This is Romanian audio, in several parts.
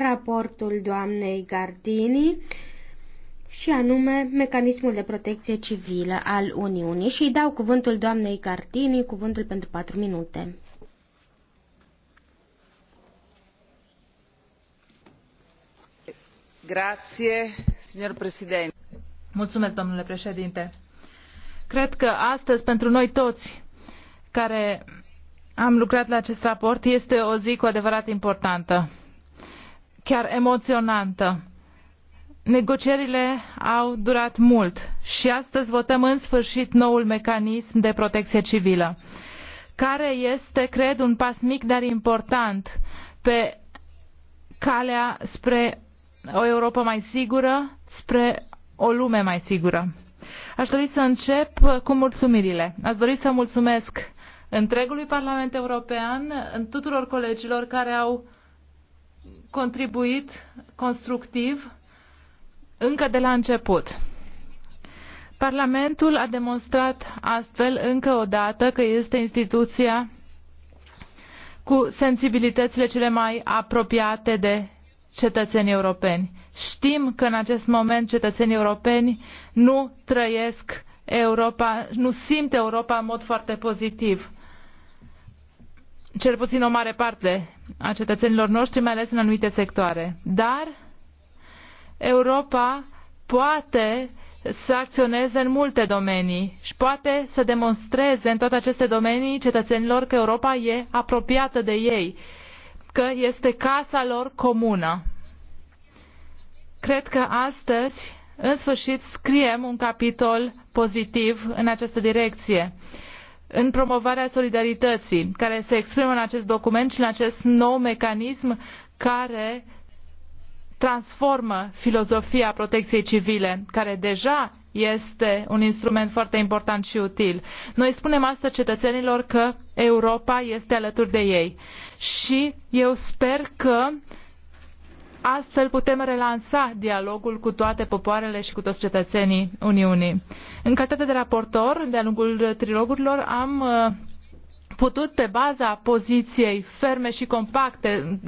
raportul doamnei Gardini și anume mecanismul de protecție civilă al Uniunii și îi dau cuvântul doamnei Gardini, cuvântul pentru 4 minute. Grazie, signor Presidente. Mulțumesc, domnule președinte. Cred că astăzi, pentru noi toți care am lucrat la acest raport, este o zi cu adevărat importantă chiar emoționantă. Negocierile au durat mult și astăzi votăm în sfârșit noul mecanism de protecție civilă, care este, cred, un pas mic, dar important pe calea spre o Europa mai sigură, spre o lume mai sigură. Aș dori să încep cu mulțumirile. Aș dori să mulțumesc întregului Parlament European, tuturor colegilor care au contribuit constructiv încă de la început. Parlamentul a demonstrat astfel încă o dată că este instituția cu sensibilitățile cele mai apropiate de cetățenii europeni. Știm că în acest moment cetățenii europeni nu trăiesc Europa, nu simt Europa în mod foarte pozitiv. Cel puțin o mare parte a cetățenilor noștri, mai ales în anumite sectoare. Dar Europa poate să acționeze în multe domenii și poate să demonstreze în toate aceste domenii cetățenilor că Europa e apropiată de ei, că este casa lor comună. Cred că astăzi, în sfârșit, scriem un capitol pozitiv în această direcție în promovarea solidarității care se exprimă în acest document și în acest nou mecanism care transformă filozofia protecției civile, care deja este un instrument foarte important și util. Noi spunem asta cetățenilor că Europa este alături de ei și eu sper că Astfel putem relansa dialogul cu toate popoarele și cu toți cetățenii Uniunii. În calitate de raportor, de-a lungul trilogurilor, am uh, putut, pe baza poziției ferme și compacte,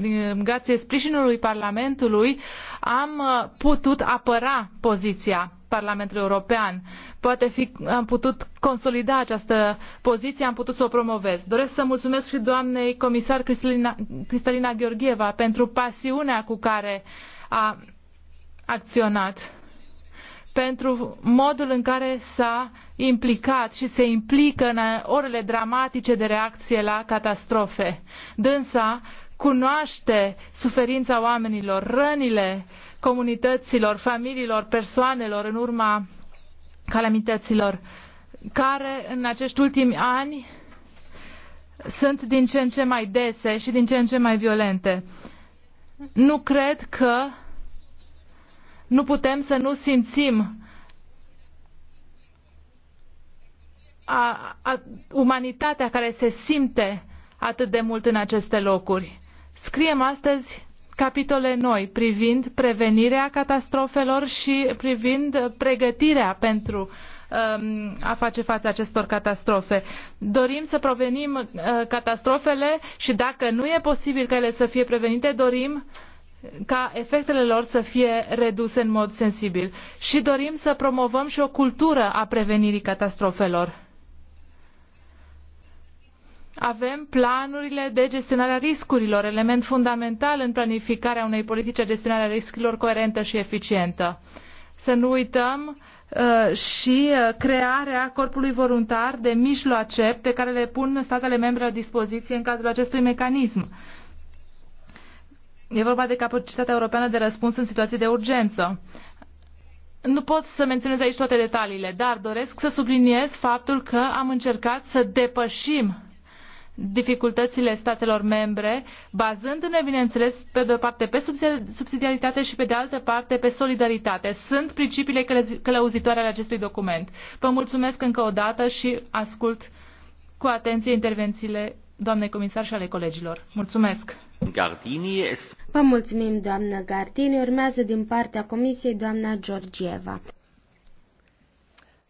grație sprijinului Parlamentului, am uh, putut apăra poziția Parlamentul European. Poate fi, am putut consolida această poziție, am putut să o promovez. Doresc să mulțumesc și doamnei comisar Cristalina, Cristalina Gheorgheva pentru pasiunea cu care a acționat pentru modul în care s-a implicat și se implică în orele dramatice de reacție la catastrofe. Dânsa cunoaște suferința oamenilor, rănile uh, comunităților, familiilor, persoanelor în urma calamităților, care în acești ultimi ani sunt din ce în ce mai dese și din ce în ce mai violente. Nu cred că nu putem să nu simțim a, a, umanitatea care se simte atât de mult în aceste locuri. Scriem astăzi capitole noi privind prevenirea catastrofelor și privind pregătirea pentru um, a face față acestor catastrofe. Dorim să provenim uh, catastrofele și dacă nu e posibil ca ele să fie prevenite, dorim ca efectele lor să fie reduse în mod sensibil. Și dorim să promovăm și o cultură a prevenirii catastrofelor avem planurile de gestionare a riscurilor, element fundamental în planificarea unei politici de gestionare a riscurilor coerentă și eficientă. Să nu uităm uh, și uh, crearea corpului voluntar de mijloace pe care le pun statele membre la dispoziție în cadrul acestui mecanism. E vorba de capacitatea europeană de răspuns în situații de urgență. Nu pot să menționez aici toate detaliile, dar doresc să subliniez faptul că am încercat să depășim dificultățile statelor membre, bazându-ne, bineînțeles, pe de o parte pe subsidiaritate și pe de altă parte pe solidaritate. Sunt principiile călăuzitoare ale acestui document. Vă mulțumesc încă o dată și ascult cu atenție intervențiile doamnei comisar și ale colegilor. Mulțumesc! Gardini. Vă mulțumim, doamnă Gardini. Urmează din partea Comisiei doamna Georgieva.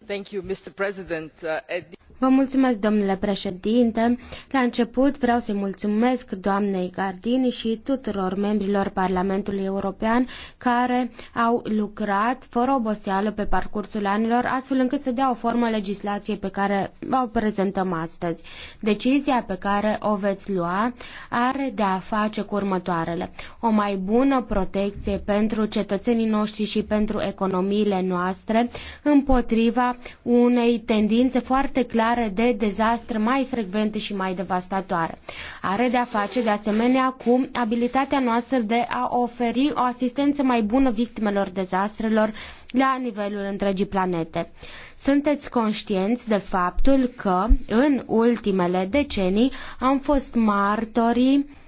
Thank you, Mr. President. Uh, Vă mulțumesc, domnule președinte. La început vreau să-i mulțumesc doamnei Gardini și tuturor membrilor Parlamentului European care au lucrat fără oboseală pe parcursul anilor, astfel încât să dea o formă legislației pe care o prezentăm astăzi. Decizia pe care o veți lua are de a face cu următoarele. O mai bună protecție pentru cetățenii noștri și pentru economiile noastre împotriva unei tendințe foarte clare are de dezastre mai frecvente și mai devastatoare. Are de a face de asemenea cu abilitatea noastră de a oferi o asistență mai bună victimelor dezastrelor la nivelul întregii planete. Sunteți conștienți de faptul că în ultimele decenii am fost martorii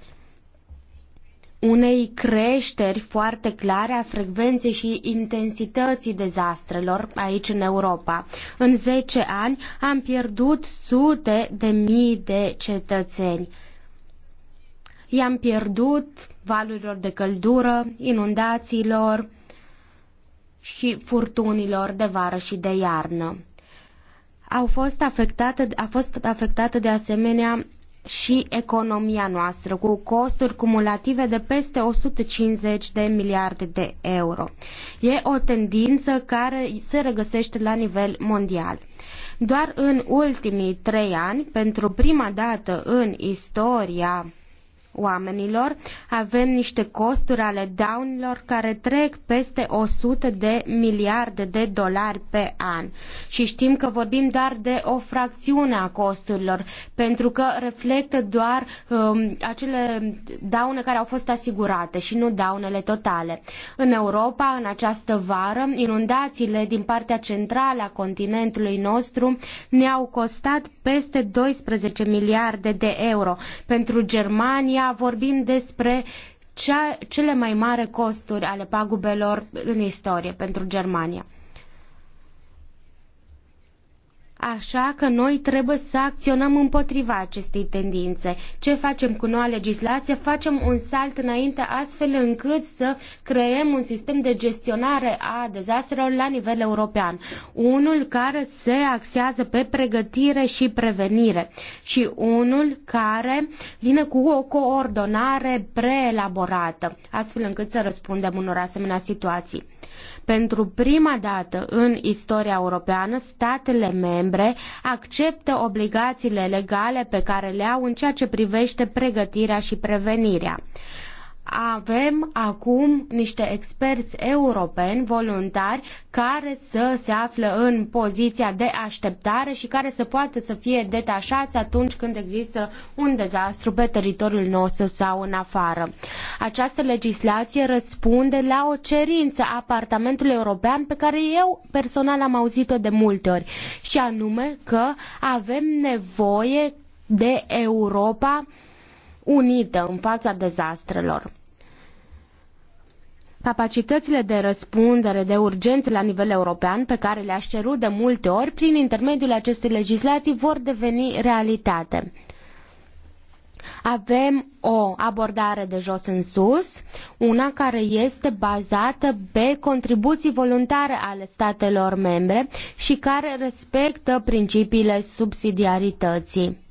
unei creșteri foarte clare a frecvenței și intensității dezastrelor aici în Europa. În 10 ani am pierdut sute de mii de cetățeni. I-am pierdut valurilor de căldură, inundațiilor și furtunilor de vară și de iarnă. Au fost afectate, a fost afectată de asemenea și economia noastră, cu costuri cumulative de peste 150 de miliarde de euro. E o tendință care se regăsește la nivel mondial. Doar în ultimii trei ani, pentru prima dată în istoria oamenilor, avem niște costuri ale daunilor care trec peste 100 de miliarde de dolari pe an. Și știm că vorbim doar de o fracțiune a costurilor, pentru că reflectă doar um, acele daune care au fost asigurate și nu daunele totale. În Europa, în această vară, inundațiile din partea centrală a continentului nostru ne-au costat peste 12 miliarde de euro. Pentru Germania, asemenea, vorbim despre cea, cele mai mari costuri ale pagubelor în istorie pentru Germania. Așa că noi trebuie să acționăm împotriva acestei tendințe. Ce facem cu noua legislație? Facem un salt înainte astfel încât să creăm un sistem de gestionare a dezastrelor la nivel european. Unul care se axează pe pregătire și prevenire și unul care vine cu o coordonare preelaborată, astfel încât să răspundem unor asemenea situații. Pentru prima dată în istoria europeană, statele membre acceptă obligațiile legale pe care le au în ceea ce privește pregătirea și prevenirea avem acum niște experți europeni voluntari care să se află în poziția de așteptare și care să poată să fie detașați atunci când există un dezastru pe teritoriul nostru sau în afară. Această legislație răspunde la o cerință a Parlamentului European pe care eu personal am auzit-o de multe ori și anume că avem nevoie de Europa unită în fața dezastrelor. Capacitățile de răspundere de urgență la nivel european, pe care le-aș cerut de multe ori, prin intermediul acestei legislații, vor deveni realitate avem o abordare de jos în sus, una care este bazată pe contribuții voluntare ale statelor membre și care respectă principiile subsidiarității.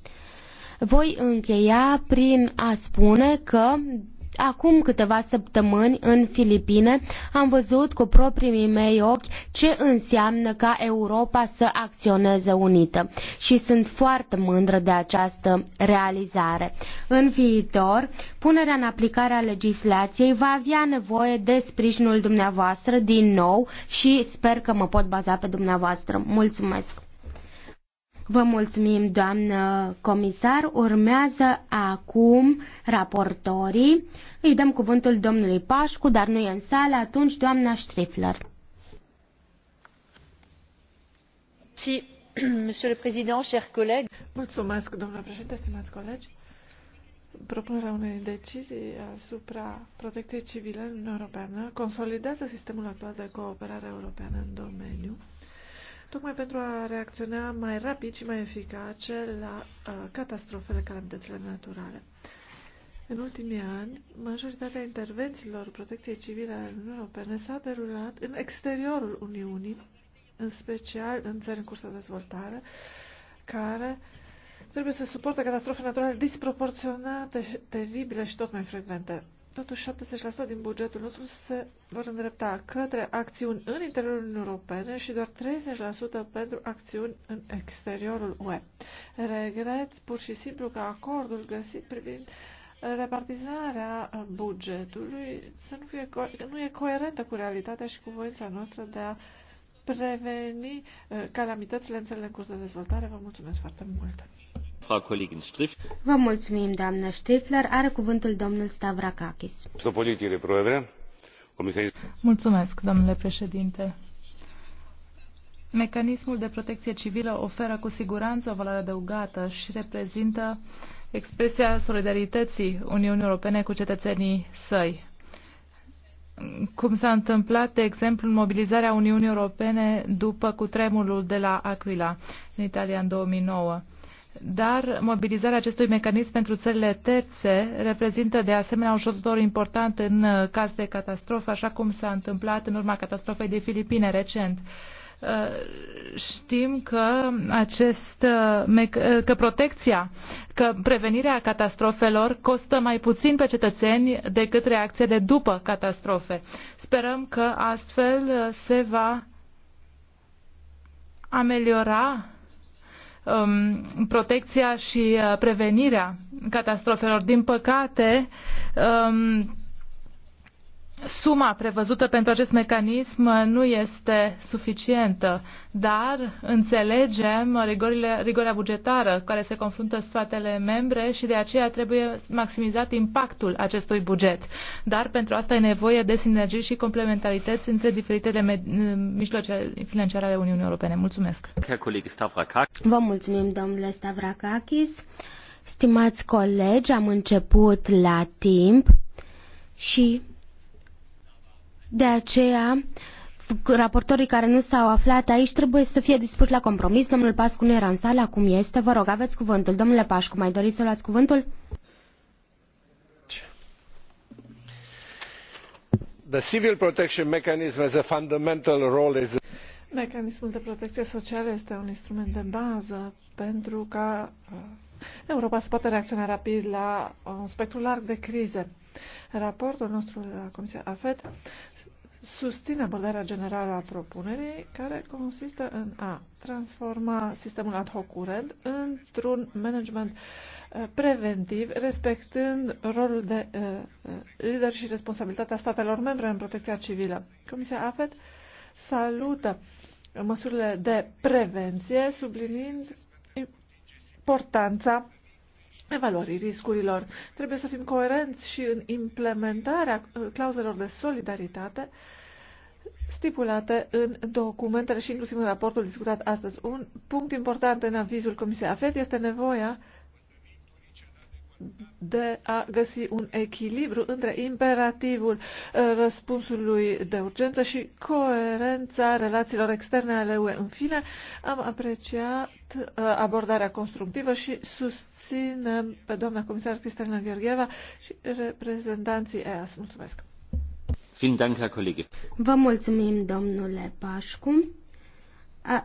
Voi încheia prin a spune că Acum câteva săptămâni în Filipine am văzut cu proprii mei ochi ce înseamnă ca Europa să acționeze unită și sunt foarte mândră de această realizare. În viitor, punerea în aplicare a legislației va avea nevoie de sprijinul dumneavoastră din nou și sper că mă pot baza pe dumneavoastră. Mulțumesc! Vă mulțumim, doamnă comisar. Urmează acum raportorii. Îi dăm cuvântul domnului Pașcu, dar nu e în sală, atunci doamna Strifler. Si, monsieur le président, chers collègues. Mulțumesc, doamna președinte, stimați colegi. Propunerea unei decizii asupra protecției civile în Europeană consolidează sistemul actual de cooperare europeană în domeniu tocmai pentru a reacționa mai rapid și mai eficace la uh, catastrofele, calamitățile naturale. În ultimii ani, majoritatea intervențiilor protecției civile ale Uniunii Europene s-a derulat în exteriorul Uniunii, în special în țări în curs de dezvoltare, care trebuie să suporte catastrofe naturale disproporționate, teribile și tot mai frecvente. Totuși, 70% din bugetul nostru se vor îndrepta către acțiuni în interiorul Uniunii Europene și doar 30% pentru acțiuni în exteriorul UE. Regret pur și simplu că acordul găsit privind repartizarea bugetului să nu, fie co- nu e coerentă cu realitatea și cu voința noastră de a preveni uh, calamitățile în țările în curs de dezvoltare. Vă mulțumesc foarte mult! Vă mulțumim, doamnă Stifler. Are cuvântul domnul Stavrakakis. Mulțumesc, domnule președinte. Mecanismul de protecție civilă oferă cu siguranță o valoare adăugată și reprezintă expresia solidarității Uniunii Europene cu cetățenii săi. Cum s-a întâmplat, de exemplu, în mobilizarea Uniunii Europene după cutremurul de la Aquila, în Italia, în 2009 dar mobilizarea acestui mecanism pentru țările terțe reprezintă de asemenea un ajutor important în uh, caz de catastrofă, așa cum s-a întâmplat în urma catastrofei de Filipine recent. Uh, știm că, acest, uh, că protecția, că prevenirea catastrofelor costă mai puțin pe cetățeni decât reacția de după catastrofe. Sperăm că astfel se va ameliora um, protecția și uh, prevenirea catastrofelor. Din păcate, um, suma prevăzută pentru acest mecanism nu este suficientă, dar înțelegem rigorile, rigoarea bugetară care se confruntă statele membre și de aceea trebuie maximizat impactul acestui buget. Dar pentru asta e nevoie de sinergii și complementarități între diferitele mijloace financiare ale Uniunii Europene. Mulțumesc! Vă mulțumim, domnule Stavrakakis. Stimați colegi, am început la timp și de aceea, raportorii care nu s-au aflat aici trebuie să fie dispuși la compromis. Domnul Pascu nu era în sală, acum este. Vă rog, aveți cuvântul. Domnule Pascu, mai doriți să luați cuvântul? The civil protection mechanism has a fundamental role is... Mecanismul de protecție socială este un instrument de bază pentru ca uh, Europa să poată reacționa rapid la un spectru larg de crize. Raportul nostru la Comisia AFET susține abordarea generală a propunerii, care consistă în a transforma sistemul ad hoc curent într-un management uh, preventiv, respectând rolul de uh, uh, lider și responsabilitatea statelor membre în protecția civilă. Comisia AFET salută măsurile de prevenție, subliniind importanța evaluării riscurilor. Trebuie să fim coerenți și în implementarea uh, clauzelor de solidaritate stipulate în documentele și inclusiv în raportul discutat astăzi. Un punct important în avizul Comisiei AFET este nevoia de a găsi un echilibru între imperativul uh, răspunsului de urgență și coerența relațiilor externe ale UE. În fine, am apreciat uh, abordarea constructivă și susținem pe doamna comisar Cristina Gheorgheva și reprezentanții EAS. Mulțumesc! Vă mulțumim, domnule Pașcu.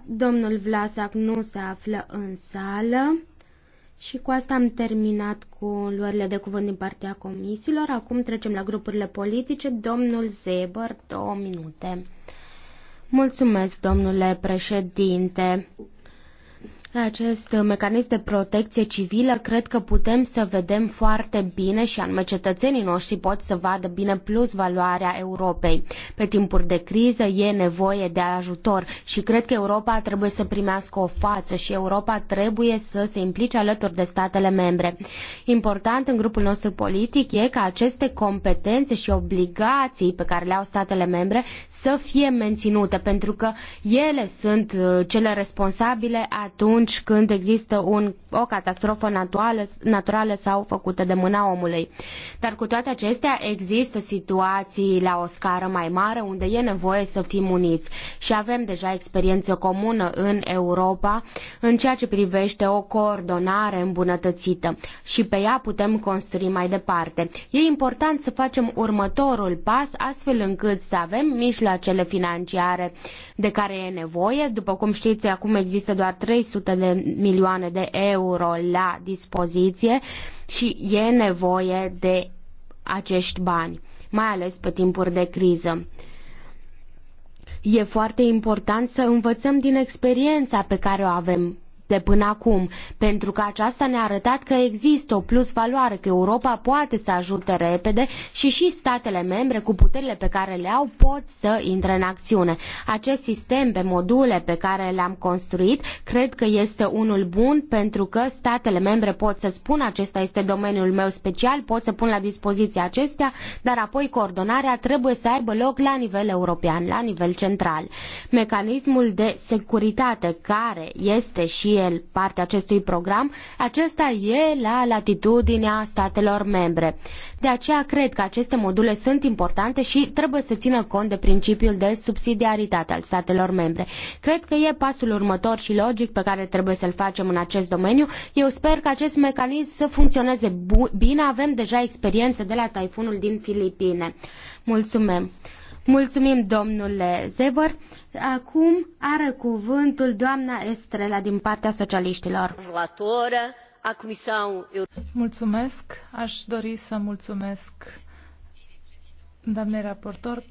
Domnul Vlasac nu se află în sală. Și cu asta am terminat cu luările de cuvânt din partea comisiilor. Acum trecem la grupurile politice. Domnul Zeber, două minute. Mulțumesc, domnule președinte acest mecanism de protecție civilă cred că putem să vedem foarte bine și anume cetățenii noștri pot să vadă bine plus valoarea Europei. Pe timpuri de criză e nevoie de ajutor și cred că Europa trebuie să primească o față și Europa trebuie să se implice alături de statele membre. Important în grupul nostru politic e ca aceste competențe și obligații pe care le au statele membre să fie menținute pentru că ele sunt uh, cele responsabile atunci atunci când există un, o catastrofă naturală, naturală sau făcută de mâna omului. Dar cu toate acestea există situații la o scară mai mare unde e nevoie să fim uniți și avem deja experiență comună în Europa în ceea ce privește o coordonare îmbunătățită și pe ea putem construi mai departe. E important să facem următorul pas astfel încât să avem mijloacele financiare de care e nevoie. După cum știți, acum există doar 300 100 de milioane de euro la dispoziție și e nevoie de acești bani, mai ales pe timpuri de criză. E foarte important să învățăm din experiența pe care o avem de până acum, pentru că aceasta ne-a arătat că există o plus valoare, că Europa poate să ajute repede și și statele membre cu puterile pe care le au pot să intre în acțiune. Acest sistem pe module pe care le-am construit cred că este unul bun pentru că statele membre pot să spună acesta este domeniul meu special, pot să pun la dispoziție acestea, dar apoi coordonarea trebuie să aibă loc la nivel european, la nivel central. Mecanismul de securitate care este și el parte acestui program, acesta e la latitudinea statelor membre. De aceea cred că aceste module sunt importante și trebuie să țină cont de principiul de subsidiaritate al statelor membre. Cred că e pasul următor și logic pe care trebuie să-l facem în acest domeniu. Eu sper că acest mecanism să funcționeze bine. Avem deja experiențe de la taifunul din Filipine. Mulțumim! Mulțumim, domnule Zeber. Acum are cuvântul doamna Estrela din partea socialiștilor. Mulțumesc. Aș dori să mulțumesc doamnei raportor,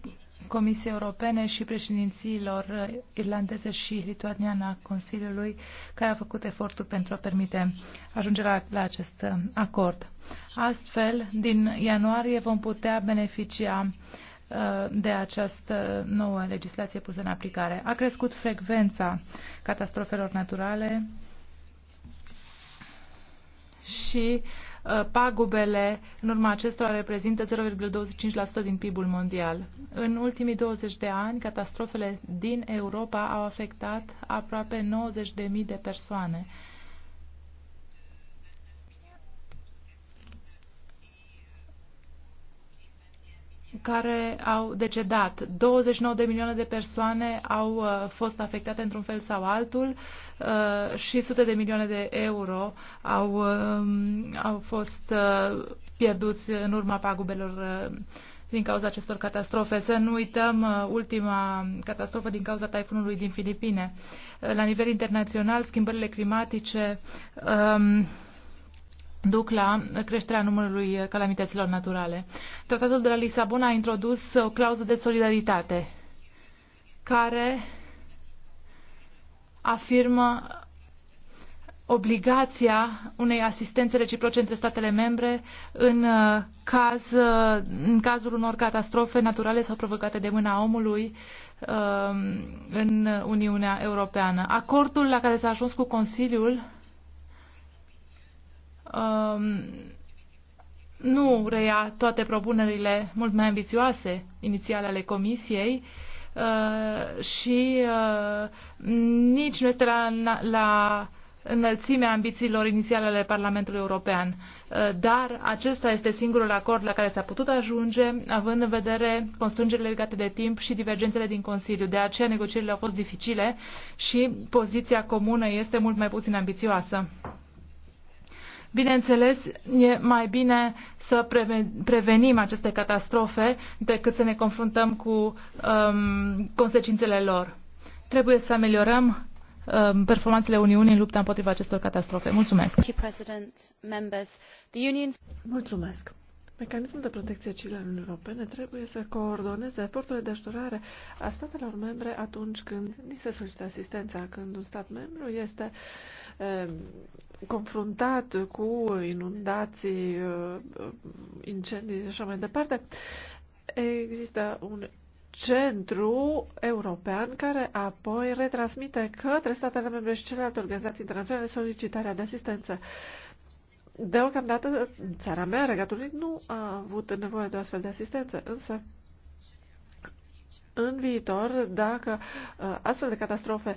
Comisiei Europene și președinților irlandeze și lituaniană a Consiliului, care a făcut efortul pentru a permite ajungerea la acest acord. Astfel, din ianuarie vom putea beneficia uh, Uh, de această nouă legislație pusă în aplicare. A crescut frecvența catastrofelor naturale și uh, pagubele în urma acestora reprezintă 0,25% din PIB-ul mondial. În ultimii 20 de ani, catastrofele din Europa au afectat aproape 90.000 de persoane. care au decedat. 29 de milioane de persoane au uh, fost afectate într-un fel sau altul uh, și sute de milioane de euro au, um, au fost uh, pierduți în urma pagubelor din cauza acestor catastrofe. Să nu uităm ultima catastrofă din cauza taifunului din Filipine. La nivel internațional, schimbările climatice um, duc la creșterea numărului calamităților naturale. Tratatul de la Lisabona a introdus o clauză de solidaritate care afirmă obligația unei asistențe reciproce între statele membre în, uh, caz, uh, în cazul unor catastrofe naturale sau provocate de mâna omului uh, în Uniunea Europeană. Acordul la care s-a ajuns cu Consiliul um, nu reia toate propunerile mult mai ambițioase inițiale ale Comisiei uh, și uh, nici nu este la, la înălțimea ambițiilor inițiale ale Parlamentului European. Uh, dar acesta este singurul acord la care s-a putut ajunge, având în vedere constrângerile legate de timp și divergențele din Consiliu. De aceea negocierile au fost dificile și poziția comună este mult mai puțin ambițioasă. Bineînțeles, e mai bine să prevenim aceste catastrofe decât să ne confruntăm cu um, consecințele lor. Trebuie să ameliorăm um, performanțele Uniunii în lupta împotriva acestor catastrofe. Mulțumesc! Mulțumesc! Mecanismul de protecție civilă al Uniunii Europene trebuie să coordoneze eforturile de ajutorare a statelor membre atunci când ni se solicită asistența, când un stat membru este um, confruntat cu inundații, uh, incendii și așa mai departe, există un centru european care apoi retransmite către statele membre și celelalte organizații internaționale solicitarea de asistență. Deocamdată, țara mea, Regatul Unit, nu a avut nevoie de o astfel de asistență, însă în viitor, dacă uh, astfel de catastrofe uh,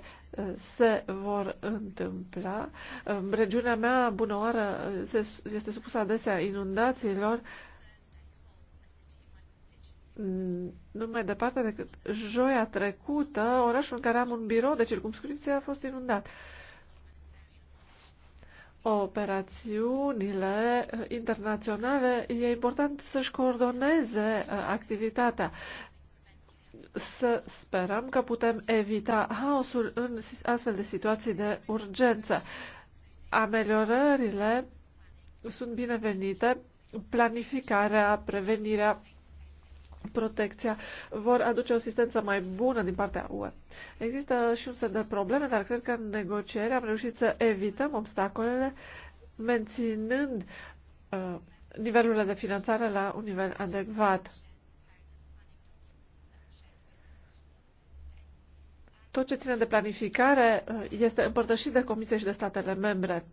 se vor întâmpla, um, regiunea mea, Bunăoară, uh, este supusă adesea inundațiilor, mm, nu mai departe decât joia trecută, orașul în care am un birou de circumscripție a fost inundat. Operațiunile internaționale e important să-și coordoneze activitatea să sperăm că putem evita haosul în astfel de situații de urgență. Ameliorările sunt binevenite, planificarea, prevenirea, protecția vor aduce o asistență mai bună din partea UE. Există și un set de probleme, dar cred că în negociere am reușit să evităm obstacolele, menținând uh, nivelurile de finanțare la un nivel adecvat. Tot ce ține de planificare eh, este împărtășit de Comisie și de statele membre.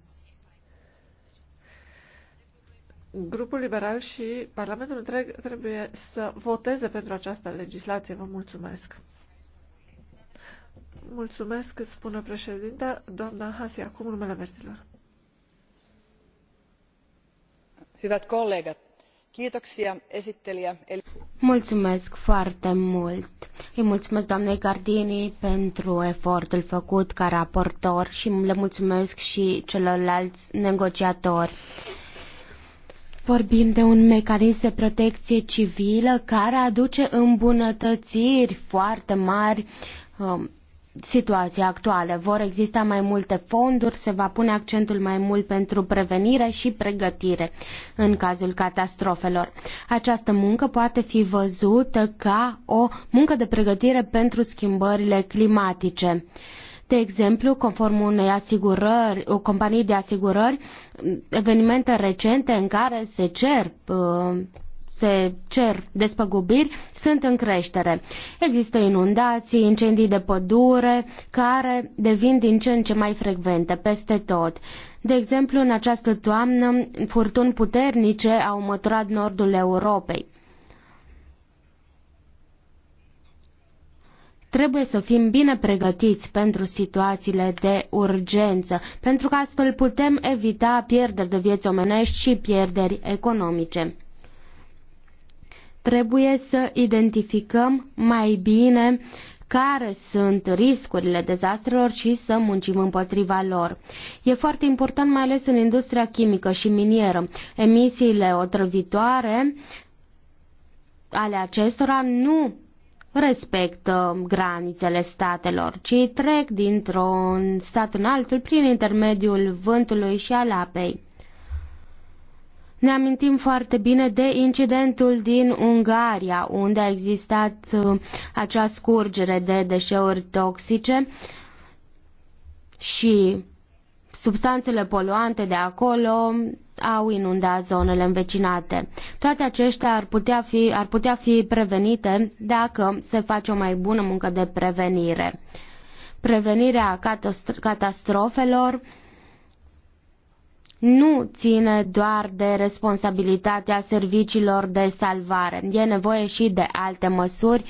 Grupul Liberal și Parlamentul întreg trebuie să voteze pentru această legislație. Vă mulțumesc. Mulțumesc, spune președinta, doamna Hasi, acum numele versilor. Hyvät kollegat, Mulțumesc foarte mult. Îi mulțumesc doamnei Gardini pentru efortul făcut ca raportor și le mulțumesc și celorlalți negociatori. Vorbim de un mecanism de protecție civilă care aduce îmbunătățiri foarte mari um, situația actuală. Vor exista mai multe fonduri, se va pune accentul mai mult pentru prevenire și pregătire în cazul catastrofelor. Această muncă poate fi văzută ca o muncă de pregătire pentru schimbările climatice. De exemplu, conform unei asigurări, o companie de asigurări, evenimente recente în care se cer uh, se cer despăgubiri sunt în creștere. Există inundații, incendii de pădure, care devin din ce în ce mai frecvente peste tot. De exemplu, în această toamnă, furtuni puternice au măturat nordul Europei. Trebuie să fim bine pregătiți pentru situațiile de urgență, pentru că astfel putem evita pierderi de vieți omenești și pierderi economice. Trebuie să identificăm mai bine care sunt riscurile dezastrelor și să muncim împotriva lor. E foarte important, mai ales în industria chimică și minieră. Emisiile otrăvitoare ale acestora nu respectă granițele statelor, ci trec dintr-un stat în altul prin intermediul vântului și al apei. Ne amintim foarte bine de incidentul din Ungaria, unde a existat uh, acea scurgere de deșeuri toxice și substanțele poluante de acolo au inundat zonele învecinate. Toate acestea ar putea fi, ar putea fi prevenite dacă se face o mai bună muncă de prevenire prevenirea catastrofelor nu ține doar de responsabilitatea serviciilor de salvare. E nevoie și de alte măsuri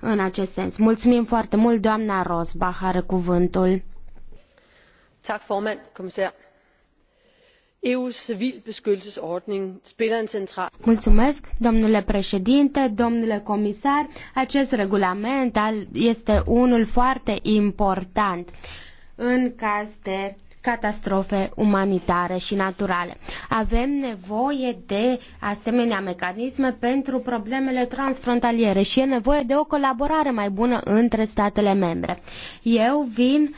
în acest sens. Mulțumim foarte mult, doamna Rosbach are cuvântul. Tak, formand, comisar. EU's civilbeskyttelsesordning spiller en central Mulțumesc, domnule președinte, domnule comisar. Acest regulament este unul foarte important în caz de catastrofe umanitare și naturale. Avem nevoie de asemenea mecanisme pentru problemele transfrontaliere și e nevoie de o colaborare mai bună între statele membre. Eu vin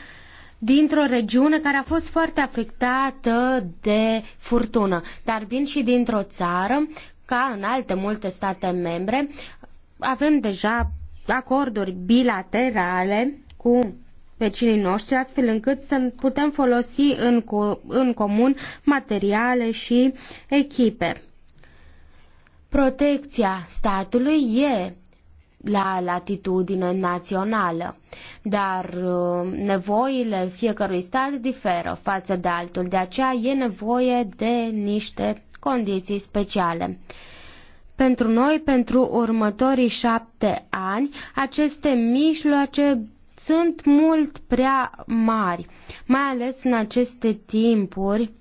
dintr-o regiune care a fost foarte afectată de furtună, dar vin și dintr-o țară ca în alte multe state membre, avem deja acorduri bilaterale cu vecinii noștri, astfel încât să putem folosi în, co- în comun materiale și echipe. Protecția statului e la latitudine națională, dar uh, nevoile fiecărui stat diferă față de altul, de aceea e nevoie de niște condiții speciale. Pentru noi, pentru următorii șapte ani, aceste mijloace sunt mult prea mari, mai ales în aceste timpuri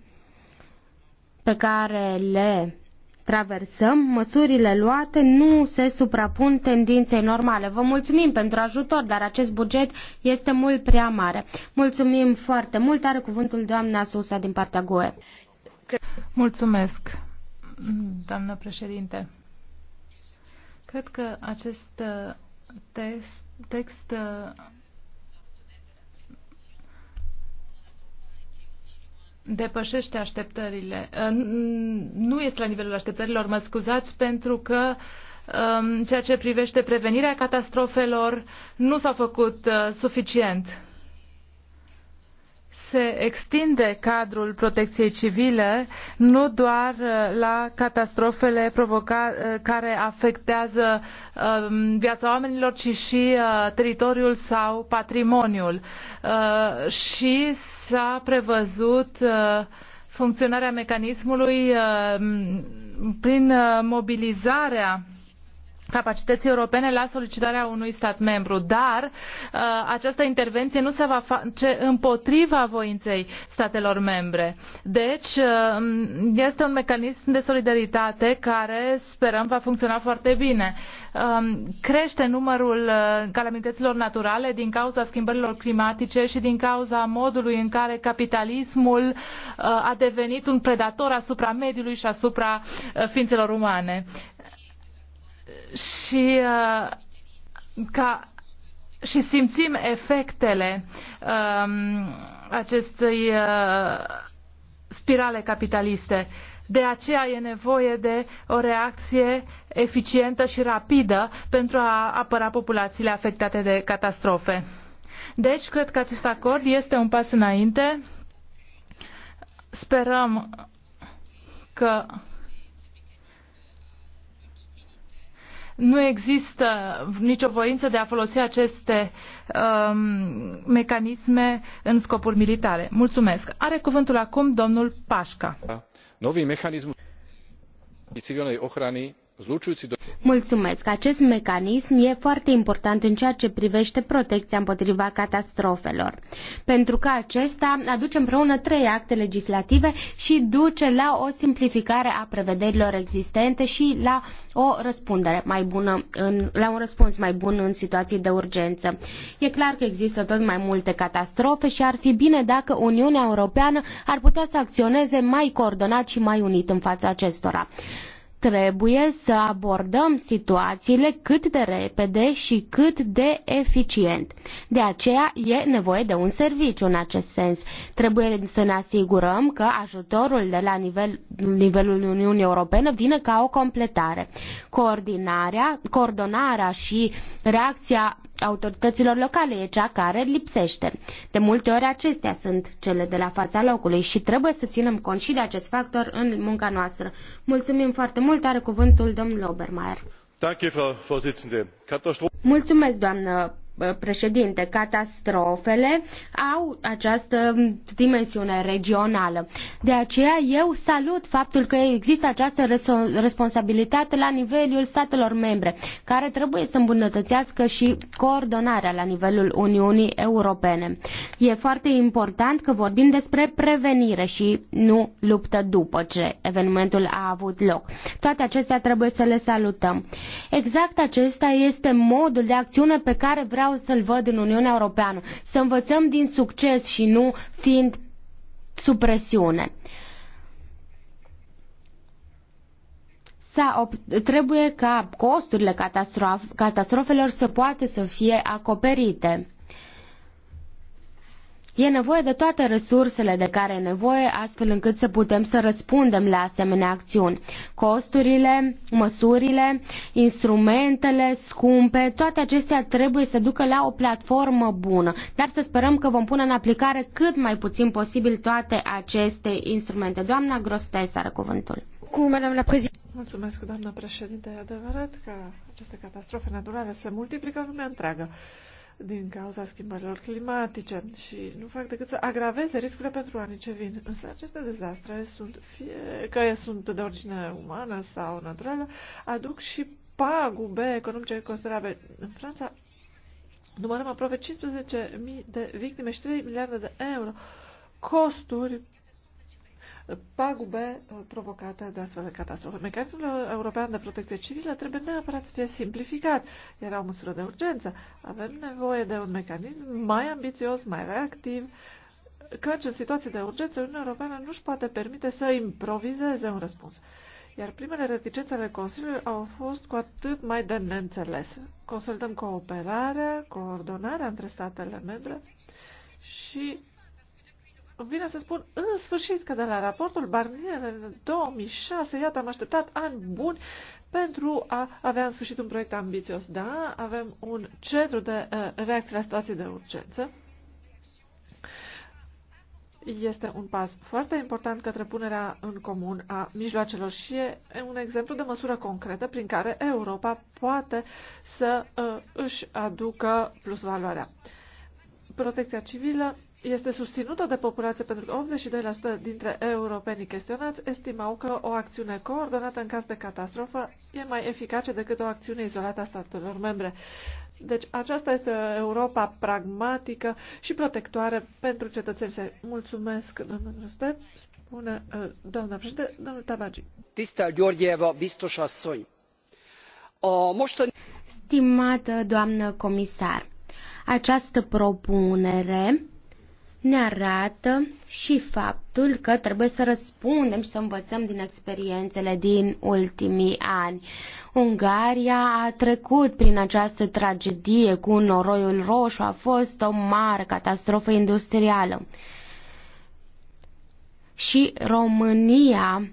pe care le traversăm, măsurile luate nu se suprapun tendinței normale. Vă mulțumim pentru ajutor, dar acest buget este mult prea mare. Mulțumim foarte mult. Are cuvântul doamna Susa din partea GOE. Mulțumesc, doamnă președinte. Cred că acest uh, text, text uh, depășește așteptările. Nu este la nivelul așteptărilor, mă scuzați, pentru că um, ceea ce privește prevenirea catastrofelor nu s-a făcut uh, suficient se extinde cadrul protecției civile nu doar uh, la catastrofele uh, care afectează um, viața oamenilor, ci și uh, teritoriul sau patrimoniul. Și s-a prevăzut funcționarea mecanismului prin mobilizarea capacității europene la solicitarea unui stat membru, dar uh, această intervenție nu se va face împotriva voinței statelor membre. Deci uh, este un mecanism de solidaritate care sperăm va funcționa foarte bine. Um, crește numărul uh, calamităților naturale din cauza schimbărilor climatice și din cauza modului în care capitalismul a devenit un predator asupra mediului și asupra ființelor umane și uh, ca și simțim efectele um, acestei uh, spirale capitaliste. De aceea e nevoie de o reacție eficientă și rapidă pentru a apăra populațiile afectate de catastrofe. Deci, cred că acest acord este un pas înainte. Sperăm că nu există nicio voință de a folosi aceste um, mecanisme în scopuri militare. Mulțumesc. Are cuvântul acum domnul Pașca. Novi mecanism civilnej ochrany Mulțumesc. Acest mecanism e foarte important în ceea ce privește protecția împotriva catastrofelor, pentru că acesta aduce împreună trei acte legislative și duce la o simplificare a prevederilor existente și la o răspundere mai bună, în, la un răspuns mai bun în situații de urgență. E clar că există tot mai multe catastrofe și ar fi bine dacă Uniunea Europeană ar putea să acționeze mai coordonat și mai unit în fața acestora. Trebuie să abordăm situațiile cât de repede și cât de eficient. De aceea e nevoie de un serviciu în acest sens. Trebuie să ne asigurăm că ajutorul de la nivel, nivelul Uniunii Europene vine ca o completare. Coordinarea, coordonarea și reacția autorităților locale e cea care lipsește. De multe ori acestea sunt cele de la fața locului și trebuie să ținem cont și de acest factor în munca noastră. Mulțumim foarte mult, are cuvântul domnul Obermeier. Mulțumesc, doamnă președinte, catastrofele au această dimensiune regională. De aceea eu salut faptul că există această responsabilitate la nivelul statelor membre, care trebuie să îmbunătățească și coordonarea la nivelul Uniunii Europene. E foarte important că vorbim despre prevenire și nu luptă după ce evenimentul a avut loc. Toate acestea trebuie să le salutăm. Exact acesta este modul de acțiune pe care vreau vreau să-l văd în Uniunea Europeană, să învățăm din succes și nu fiind sub presiune. trebuie ca costurile catastrof catastrofelor să poată să fie acoperite. E nevoie de toate resursele de care e nevoie, astfel încât să putem să răspundem la asemenea acțiuni. Costurile, măsurile, instrumentele scumpe, toate acestea trebuie să ducă la o platformă bună. Dar să sperăm că vom pune în aplicare cât mai puțin posibil toate aceste instrumente. Doamna Grostes are cuvântul. Cu, la președinte. Mulțumesc, doamna președinte. E adevărat că aceste catastrofe naturale se multiplică în lumea întreagă din cauza schimbărilor climatice și nu fac decât să agraveze riscurile pentru anii ce vin. Însă aceste dezastre sunt, fie că sunt de origine umană sau naturală, aduc și pagube economice considerabile. În Franța numărăm aproape 15.000 de victime și 3 miliarde de euro costuri pagube uh, provocate de astfel de catastrofe. Mecanismul uh, european de protecție civilă trebuie neapărat să fie simplificat. Era o măsură de urgență. Avem nevoie de un mecanism mai ambițios, mai reactiv, căci în situații de urgență Uniunea Europeană nu își poate permite să improvizeze un răspuns. Iar primele reticențe ale Consiliului au fost cu atât mai de neînțeles. Consolidăm cooperarea, coordonarea între statele membre și vine să spun în sfârșit că de la raportul Barnier în 2006, iată, am așteptat ani buni pentru a avea în sfârșit un proiect ambițios. Da, avem un centru de uh, reacție la situații de urgență. Este un pas foarte important către punerea în comun a mijloacelor și e un exemplu de măsură concretă prin care Europa poate să uh, își aducă plus valoarea. Protecția civilă este susținută de populație pentru că 82% dintre europenii chestionați estimau că o acțiune coordonată în caz de catastrofă e mai eficace decât o acțiune izolată a statelor membre. Deci aceasta este Europa pragmatică și protectoare pentru cetățeni. Se mulțumesc, domnul Rustet, spune uh, doamna președinte, domnul Tabagi. Tisztelt Gheorgheva, biztos asszony! A Stimată doamnă comisar, această propunere ne arată și faptul că trebuie să răspundem și să învățăm din experiențele din ultimii ani. Ungaria a trecut prin această tragedie cu noroiul roșu, a fost o mare catastrofă industrială. Și România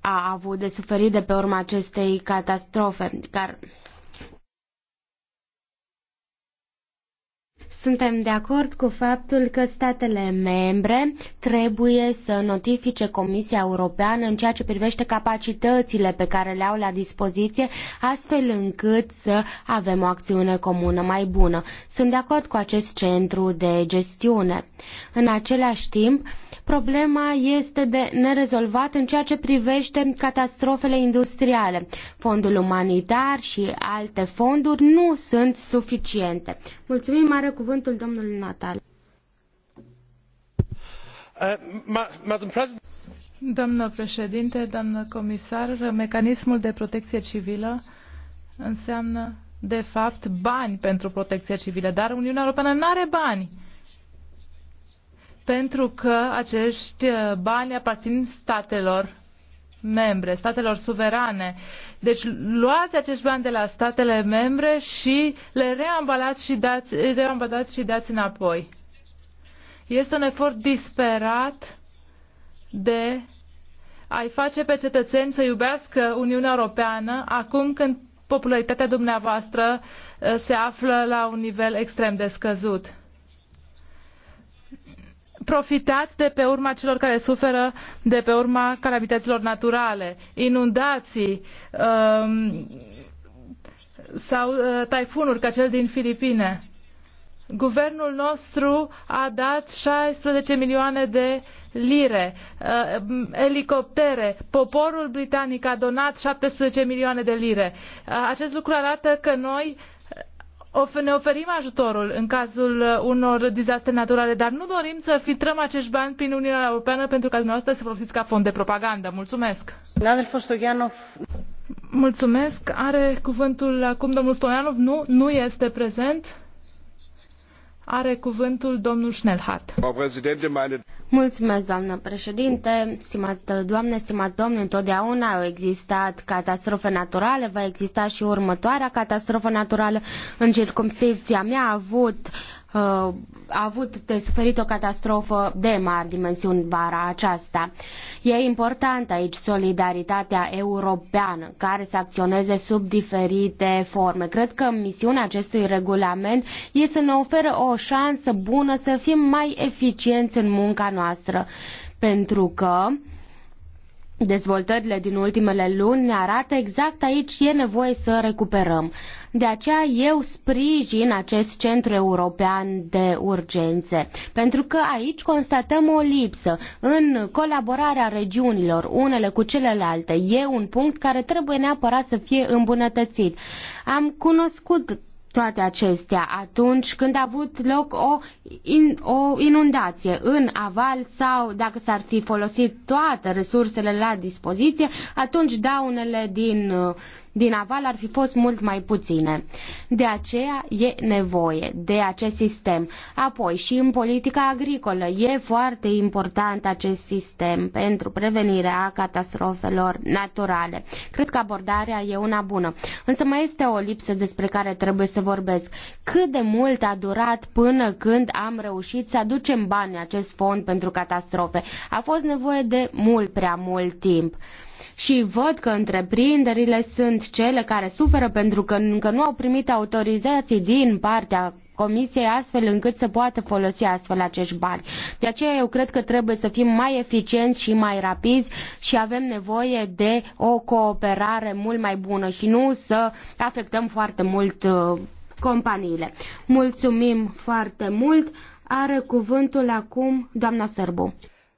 a avut de suferit de pe urma acestei catastrofe, care Suntem de acord cu faptul că statele membre trebuie să notifice Comisia Europeană în ceea ce privește capacitățile pe care le au la dispoziție, astfel încât să avem o acțiune comună mai bună. Sunt de acord cu acest centru de gestiune. În același timp, Problema este de nerezolvat în ceea ce privește catastrofele industriale. Fondul umanitar și alte fonduri nu sunt suficiente. Mulțumim, are cuvântul domnul Natal. Uh, Doamnă președinte, doamnă comisar, mecanismul de protecție civilă înseamnă, de fapt, bani pentru protecție civilă, dar Uniunea Europeană nu are bani pentru că acești uh, bani aparțin statelor membre, statelor suverane. Deci luați acești bani de la statele membre și le reambalați și dați, reambalați și dați înapoi. Este un efort disperat de a-i face pe cetățeni să iubească Uniunea Europeană acum când popularitatea dumneavoastră uh, se află la un nivel extrem de scăzut profitați de pe urma celor care suferă de pe urma calamităților naturale, inundații um, sau uh, taifunuri ca cel din Filipine. Guvernul nostru a dat 16 milioane de lire, uh, elicoptere. Poporul britanic a donat 17 milioane de lire. Uh, acest lucru arată că noi ne oferim ajutorul în cazul uh, unor dizastre naturale, dar nu dorim să filtrăm acești bani prin Uniunea Europeană pentru ca dumneavoastră să folosiți ca fond de propagandă. Mulțumesc! Mulțumesc! Are cuvântul acum domnul Stoianov? Nu, nu este prezent. Are cuvântul domnul Schnellhardt. Mulțumesc, doamnă președinte, stimată doamne, stimați domni, întotdeauna au existat catastrofe naturale, va exista și următoarea catastrofă naturală. În circumscripția mea a avut Uh, a avut de suferit o catastrofă de mari dimensiuni vara aceasta. E importantă aici solidaritatea europeană care să acționeze sub diferite forme. Cred că misiunea acestui regulament e să ne oferă o șansă bună să fim mai eficienți în munca noastră, pentru că Dezvoltările din ultimele luni ne arată exact aici e nevoie să recuperăm. De aceea eu sprijin acest centru european de urgențe, pentru că aici constatăm o lipsă în colaborarea regiunilor unele cu celelalte. E un punct care trebuie neapărat să fie îmbunătățit. Am cunoscut toate acestea atunci când a avut loc o, in, o inundație în aval sau dacă s-ar fi folosit toate resursele la dispoziție, atunci daunele din uh, din aval ar fi fost mult mai puține. De aceea e nevoie de acest sistem. Apoi și în politica agricolă e foarte important acest sistem pentru prevenirea catastrofelor naturale. Cred că abordarea e una bună. Însă mai este o lipsă despre care trebuie să vorbesc. Cât de mult a durat până când am reușit să aducem bani acest fond pentru catastrofe? A fost nevoie de mult prea mult timp și văd că întreprinderile sunt cele care suferă pentru că încă nu au primit autorizații din partea Comisiei astfel încât să poată folosi astfel acești bani. De aceea eu cred că trebuie să fim mai eficienți și mai rapizi și avem nevoie de o cooperare mult mai bună și nu să afectăm foarte mult uh, companiile. Mulțumim foarte mult! Are cuvântul acum doamna Sărbu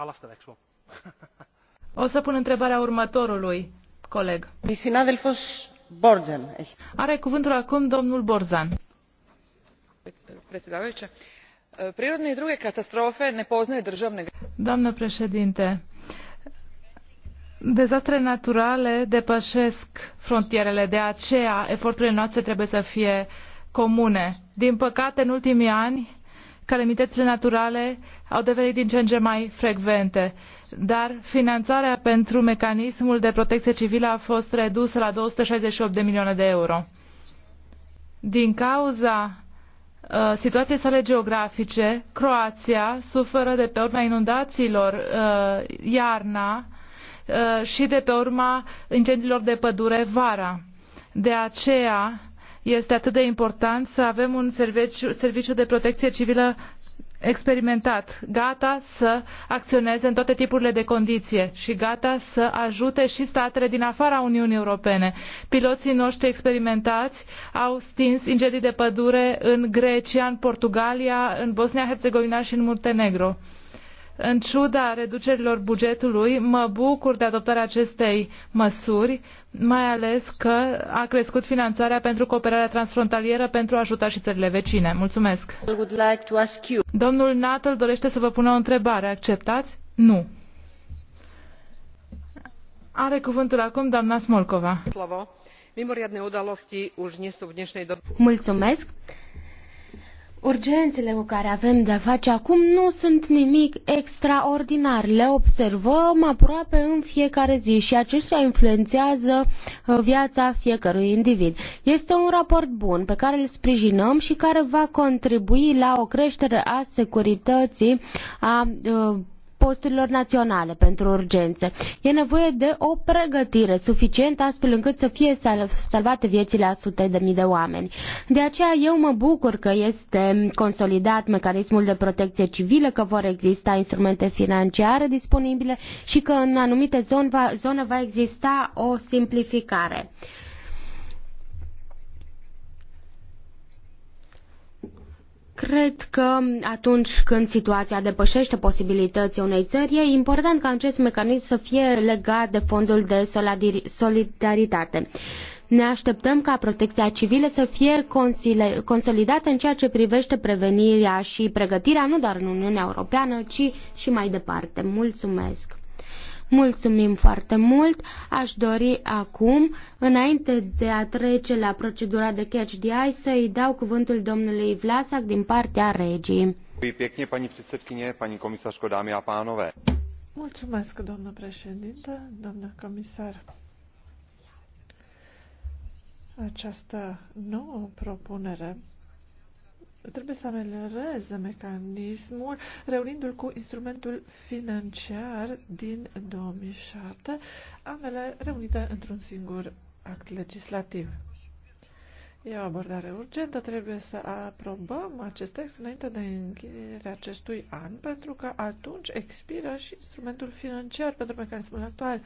I'll ask the next one. o să pun întrebarea următorului coleg. Borzan. Are cuvântul acum domnul Borzan. Predsjedavajuća, prirodne i druge katastrofe ne poznaju državne Doamnă președinte, Dezastre naturale depășesc frontierele, de aceea eforturile noastre trebuie să fie comune. Din păcate, în ultimii ani, calamitățile naturale au devenit din ce în ce mai frecvente, dar finanțarea pentru mecanismul de protecție civilă a fost redusă la 268 de milioane de euro. Din cauza uh, situației sale geografice, Croația suferă de pe urma inundațiilor uh, iarna uh, și de pe urma incendiilor de pădure vara. De aceea, este atât de important să avem un serviciu, serviciu de protecție civilă experimentat, gata să acționeze în toate tipurile de condiție și gata să ajute și statele din afara Uniunii Europene. Piloții noștri experimentați au stins incendii de pădure în Grecia, în Portugalia, în Bosnia-Herzegovina și în Muntenegro. În ciuda reducerilor bugetului, mă bucur de adoptarea acestei măsuri, mai ales că a crescut finanțarea pentru cooperarea transfrontalieră pentru a ajuta și țările vecine. Mulțumesc! Domnul Natal dorește să vă pună o întrebare. Acceptați? Nu. Are cuvântul acum doamna Smolkova. Mulțumesc! Urgențele cu care avem de-a face acum nu sunt nimic extraordinar. Le observăm aproape în fiecare zi și acestea influențează uh, viața fiecărui individ. Este un raport bun pe care îl sprijinăm și care va contribui la o creștere a securității a uh, posturilor naționale pentru urgențe. E nevoie de o pregătire suficientă astfel încât să fie salvate viețile a sute de mii de oameni. De aceea eu mă bucur că este consolidat mecanismul de protecție civilă, că vor exista instrumente financiare disponibile și că în anumite zone va, zone va exista o simplificare. Cred că atunci când situația depășește posibilității unei țări, e important ca acest mecanism să fie legat de fondul de solidaritate. Ne așteptăm ca protecția civilă să fie consolidată în ceea ce privește prevenirea și pregătirea nu doar în Uniunea Europeană, ci și mai departe. Mulțumesc! Mulțumim foarte mult! Aș dori acum, înainte de a trece la procedura de catch the eye, să-i dau cuvântul domnului Vlasac din partea regii. Mulțumesc, doamnă președintă, doamnă comisar. Această nouă propunere trebuie să amelereze mecanismul reunindu-l cu instrumentul financiar din 2007, ambele reunite într-un singur act legislativ. E o abordare urgentă, trebuie să aprobăm acest text înainte de încheierea acestui an, pentru că atunci expiră și instrumentul financiar pentru mecanismul actual.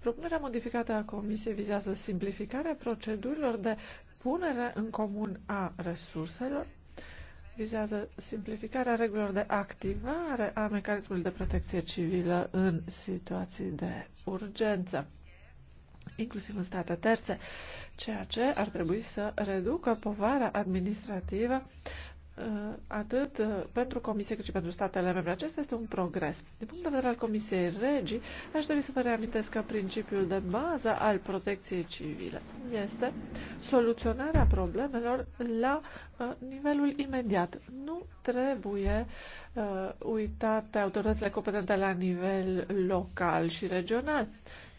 Propunerea modificată a Comisiei vizează simplificarea procedurilor de punere în comun a resurselor vizează simplificarea regulilor de activare a mecanismului de protecție civilă în situații de urgență, inclusiv în state terțe, ceea ce ar trebui să reducă povara administrativă Uh, atât uh, pentru Comisie cât și pentru statele membre. Acesta este un progres. Din punct de vedere al Comisiei Regii, aș dori să vă reamintesc că principiul de bază al protecției civile este soluționarea problemelor la uh, nivelul imediat. Nu trebuie uitate autoritățile competente la nivel local și regional. Uh,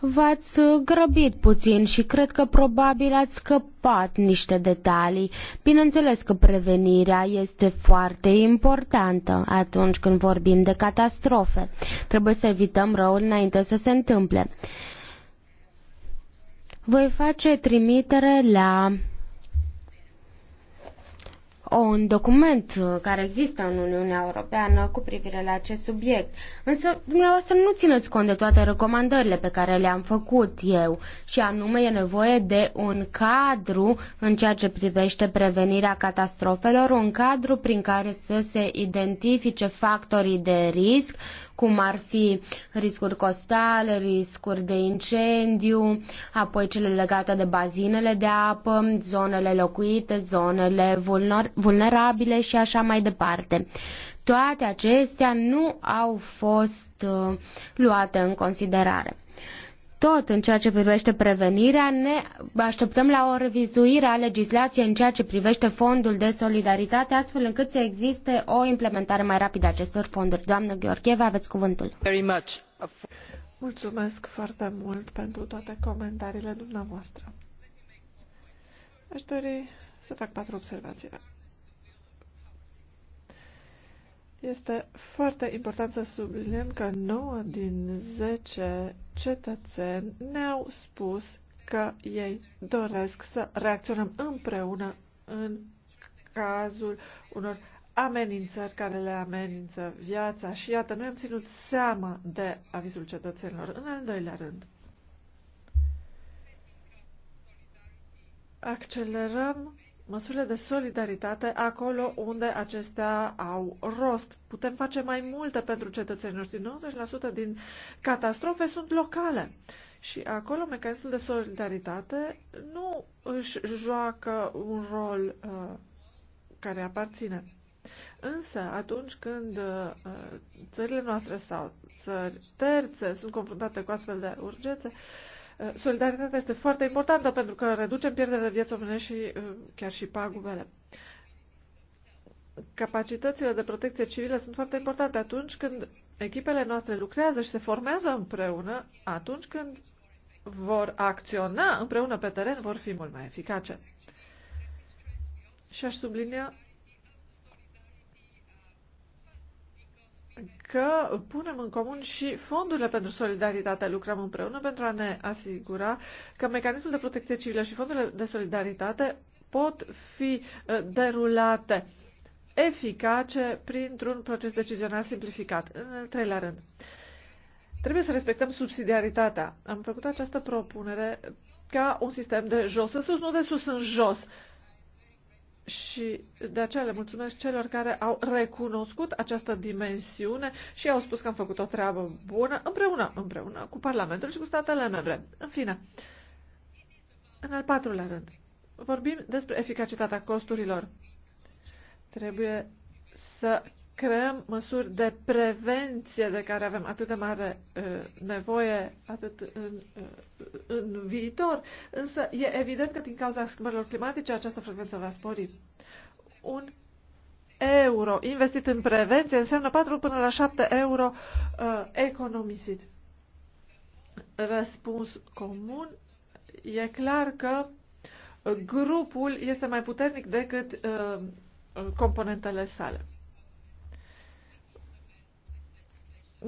V-ați uh, grăbit puțin și cred că probabil ați scăpat niște detalii. Bineînțeles că prevenirea este foarte importantă atunci când vorbim de catastrofe. Trebuie să evităm răul înainte să se întâmple. Voi face trimitere la un document uh, care există în Uniunea Europeană cu privire la acest subiect. Însă, dumneavoastră, nu țineți cont de toate recomandările pe care le-am făcut eu și anume e nevoie de un cadru în ceea ce privește prevenirea catastrofelor, un cadru prin care să se identifice factorii de risc, cum ar fi riscuri costale, riscuri de incendiu, apoi cele legate de bazinele de apă, zonele locuite, zonele vulnerabile și așa mai departe. Toate acestea nu au fost uh, luate în considerare. Tot în ceea ce privește prevenirea, ne așteptăm la o revizuire a legislației în ceea ce privește fondul de solidaritate, astfel încât să existe o implementare mai rapidă a acestor fonduri. Doamnă Gheorgheva, aveți cuvântul. Mulțumesc foarte mult pentru toate comentariile dumneavoastră. Aș dori să fac patru observații. Este foarte important să subliniem că 9 din 10 cetățeni ne-au spus că ei doresc să reacționăm împreună în cazul unor amenințări care le amenință viața și iată, noi am ținut seama de avizul cetățenilor. În al doilea rând, accelerăm măsurile de solidaritate acolo unde acestea au rost. Putem face mai multe pentru cetățenii noștri. 90% din catastrofe sunt locale. Și acolo mecanismul de solidaritate nu își joacă un rol uh, care aparține. Însă, atunci când uh, țările noastre sau țări terțe sunt confruntate cu astfel de urgențe, uh, Uh, solidaritatea este foarte importantă pentru că reducem pierderea de vieți omenești și uh, chiar și pagubele. Capacitățile de protecție civilă sunt foarte importante atunci când echipele noastre lucrează și se formează împreună, atunci când vor acționa împreună pe teren, vor fi mult mai eficace. Și aș sublinia că punem în comun și fondurile pentru solidaritate. Lucrăm împreună pentru a ne asigura că mecanismul de protecție civilă și fondurile de solidaritate pot fi uh, derulate eficace printr-un proces decizional simplificat. În al treilea rând, trebuie să respectăm subsidiaritatea. Am făcut această propunere ca un sistem de jos în sus, nu de sus în jos și de aceea le mulțumesc celor care au recunoscut această dimensiune și au spus că am făcut o treabă bună împreună, împreună cu Parlamentul și cu statele membre. În fine, în al patrulea rând, vorbim despre eficacitatea costurilor. Trebuie să creăm măsuri de prevenție de care avem atât de mare uh, nevoie atât în, uh, în viitor, însă e evident că din cauza schimbărilor climatice această frecvență va spori. Un euro investit în prevenție înseamnă 4 până la 7 euro uh, economisit. Răspuns comun, e clar că grupul este mai puternic decât uh, componentele sale.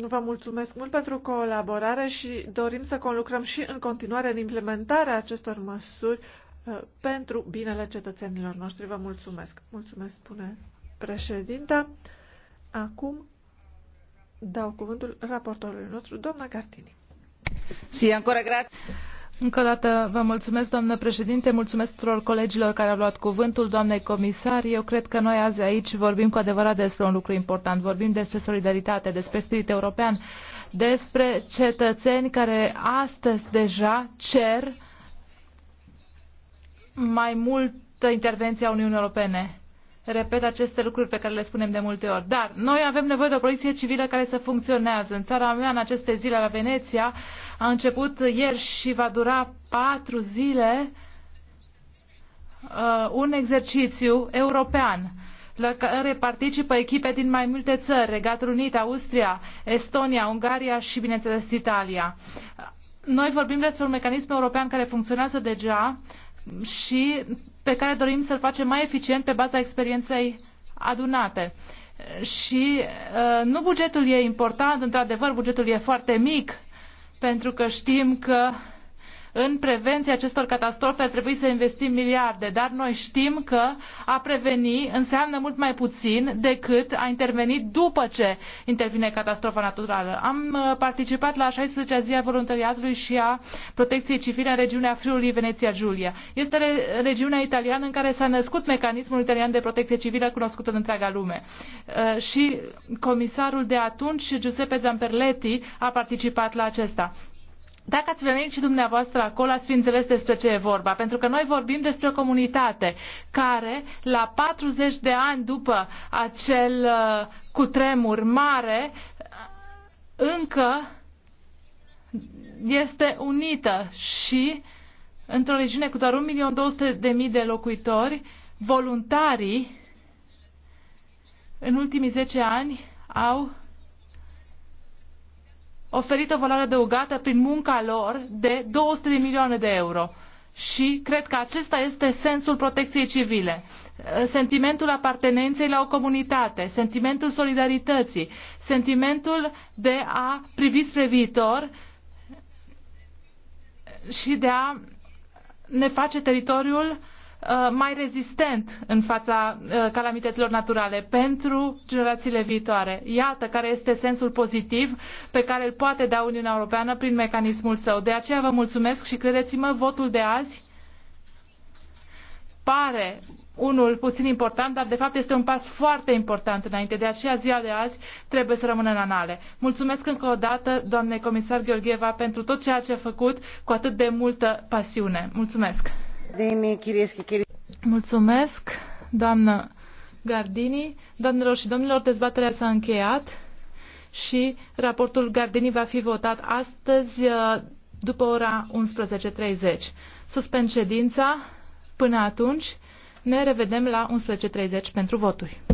Vă mulțumesc mult pentru colaborare și dorim să conlucrăm și în continuare în implementarea acestor măsuri uh, pentru binele cetățenilor noștri. Vă mulțumesc. Mulțumesc, spune președinta. Acum dau cuvântul raportorului nostru, doamna Cartini. Si, ancora grazie. Încă o dată vă mulțumesc, doamnă președinte, mulțumesc tuturor colegilor care au luat cuvântul, doamnei comisar. Eu cred că noi azi aici vorbim cu adevărat despre un lucru important. Vorbim despre solidaritate, despre spirit european, despre cetățeni care astăzi deja cer mai multă intervenție a Uniunii Europene repet aceste lucruri pe care le spunem de multe ori. Dar noi avem nevoie de o poliție civilă care să funcționează. În țara mea, în aceste zile la Veneția, a început ieri și va dura patru zile uh, un exercițiu european la care participă echipe din mai multe țări, Regatul Unit, Austria, Estonia, Ungaria și, bineînțeles, Italia. Noi vorbim despre un mecanism european care funcționează deja și pe care dorim să-l facem mai eficient pe baza experienței adunate. Și uh, nu bugetul e important, într-adevăr, bugetul e foarte mic, pentru că știm că în prevenția acestor catastrofe ar trebui să investim miliarde, dar noi știm că a preveni înseamnă mult mai puțin decât a interveni după ce intervine catastrofa naturală. Am uh, participat la 16-a zi a voluntariatului și a protecției civile în regiunea Friului Veneția Giulia. Este regiunea italiană în care s-a născut mecanismul italian de protecție civilă cunoscut în întreaga lume. Uh, și comisarul de atunci, Giuseppe Zamperletti, a participat la acesta. Dacă ați venit și dumneavoastră acolo, ați fi înțeles despre ce e vorba, pentru că noi vorbim despre o comunitate care, la 40 de ani după acel uh, cutremur mare, uh, încă este unită și într-o regiune cu doar 1.200.000 de locuitori, voluntarii în ultimii 10 ani au oferit o valoare adăugată prin munca lor de 200 de milioane de euro. Și cred că acesta este sensul protecției civile. Sentimentul apartenenței la o comunitate, sentimentul solidarității, sentimentul de a privi spre viitor și de a ne face teritoriul uh, Uh, mai rezistent în fața uh, calamităților naturale pentru generațiile viitoare. Iată care este sensul pozitiv pe care îl poate da Uniunea Europeană prin mecanismul său. De aceea vă mulțumesc și credeți-mă, votul de azi pare unul puțin important, dar de fapt este un pas foarte important înainte. De aceea ziua de azi trebuie să rămână în anale. Mulțumesc încă o dată, doamne comisar Gheorgheva, pentru tot ceea ce a făcut cu atât de multă pasiune. Mulțumesc! Mulțumesc, doamnă Gardini. Doamnelor și domnilor, dezbaterea s-a încheiat și raportul Gardini va fi votat astăzi uh, după ora 11.30. Suspend ședința. Până atunci, ne revedem la 11.30 pentru voturi.